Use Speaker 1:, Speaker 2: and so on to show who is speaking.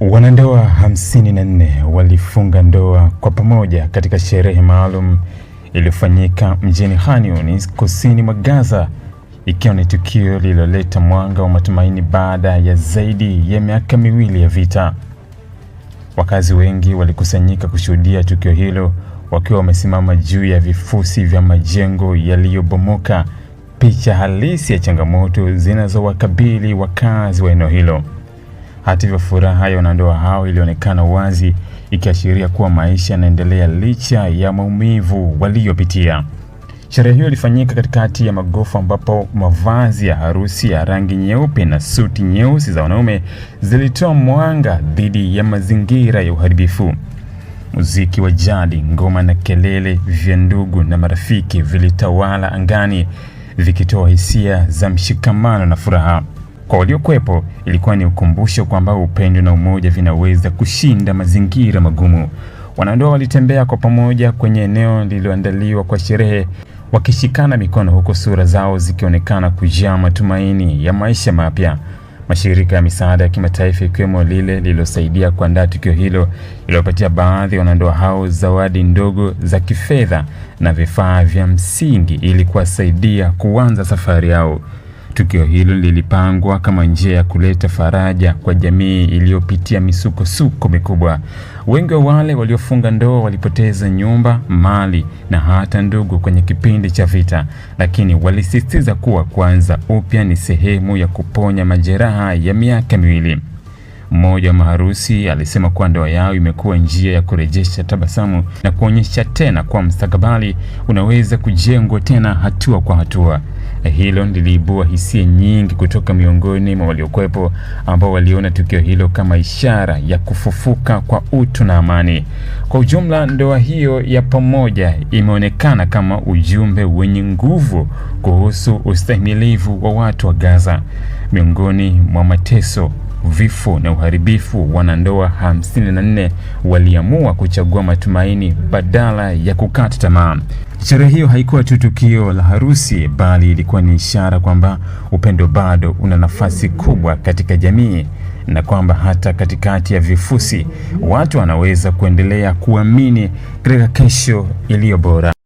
Speaker 1: Wanandoa hamsini na nne walifunga ndoa kwa pamoja katika sherehe maalum iliyofanyika mjini Khan kusini mwa Gaza, ikiwa ni tukio lililoleta mwanga wa matumaini baada ya zaidi ya miaka miwili ya vita. Wakazi wengi walikusanyika kushuhudia tukio hilo wakiwa wamesimama juu ya vifusi vya majengo yaliyobomoka, picha halisi ya changamoto zinazowakabili wakazi wa eneo hilo. Hata hivyo, furaha ya wanandoa hao ilionekana wazi, ikiashiria kuwa maisha yanaendelea licha ya maumivu waliyopitia. Sherehe hiyo ilifanyika katikati ya magofu ambapo mavazi ya harusi ya rangi nyeupe na suti nyeusi za wanaume zilitoa mwanga dhidi ya mazingira ya uharibifu. Muziki wa jadi, ngoma na kelele vya ndugu na marafiki vilitawala angani, vikitoa hisia za mshikamano na furaha. Kwa waliokuwepo ilikuwa ni ukumbusho kwamba upendo na umoja vinaweza kushinda mazingira magumu. Wanandoa walitembea kwa pamoja kwenye eneo lililoandaliwa kwa sherehe, wakishikana mikono, huku sura zao zikionekana kujaa matumaini ya maisha mapya. Mashirika ya misaada ya kimataifa ikiwemo lile lililosaidia kuandaa tukio hilo iliyopatia baadhi ya wanandoa hao zawadi ndogo za kifedha na vifaa vya msingi ili kuwasaidia kuanza safari yao. Tukio hilo lilipangwa kama njia ya kuleta faraja kwa jamii iliyopitia misukosuko mikubwa. Wengi wa wale waliofunga ndoa walipoteza nyumba, mali na hata ndugu kwenye kipindi cha vita, lakini walisisitiza kuwa kuanza upya ni sehemu ya kuponya majeraha ya miaka miwili. Mmoja wa maharusi alisema kuwa ndoa yao imekuwa njia ya kurejesha tabasamu na kuonyesha tena kuwa mustakabali unaweza kujengwa tena hatua kwa hatua. Hilo liliibua hisia nyingi kutoka miongoni mwa waliokuwepo ambao waliona tukio hilo kama ishara ya kufufuka kwa utu na amani. Kwa ujumla, ndoa hiyo ya pamoja imeonekana kama ujumbe wenye nguvu kuhusu ustahimilivu wa watu wa Gaza miongoni mwa mateso vifo na uharibifu, wanandoa 54 waliamua kuchagua matumaini badala ya kukata tamaa. Sherehe hiyo haikuwa tu tukio la harusi, bali ilikuwa ni ishara kwamba upendo bado una nafasi kubwa katika jamii na kwamba hata katikati ya vifusi watu wanaweza kuendelea kuamini katika kesho iliyo bora.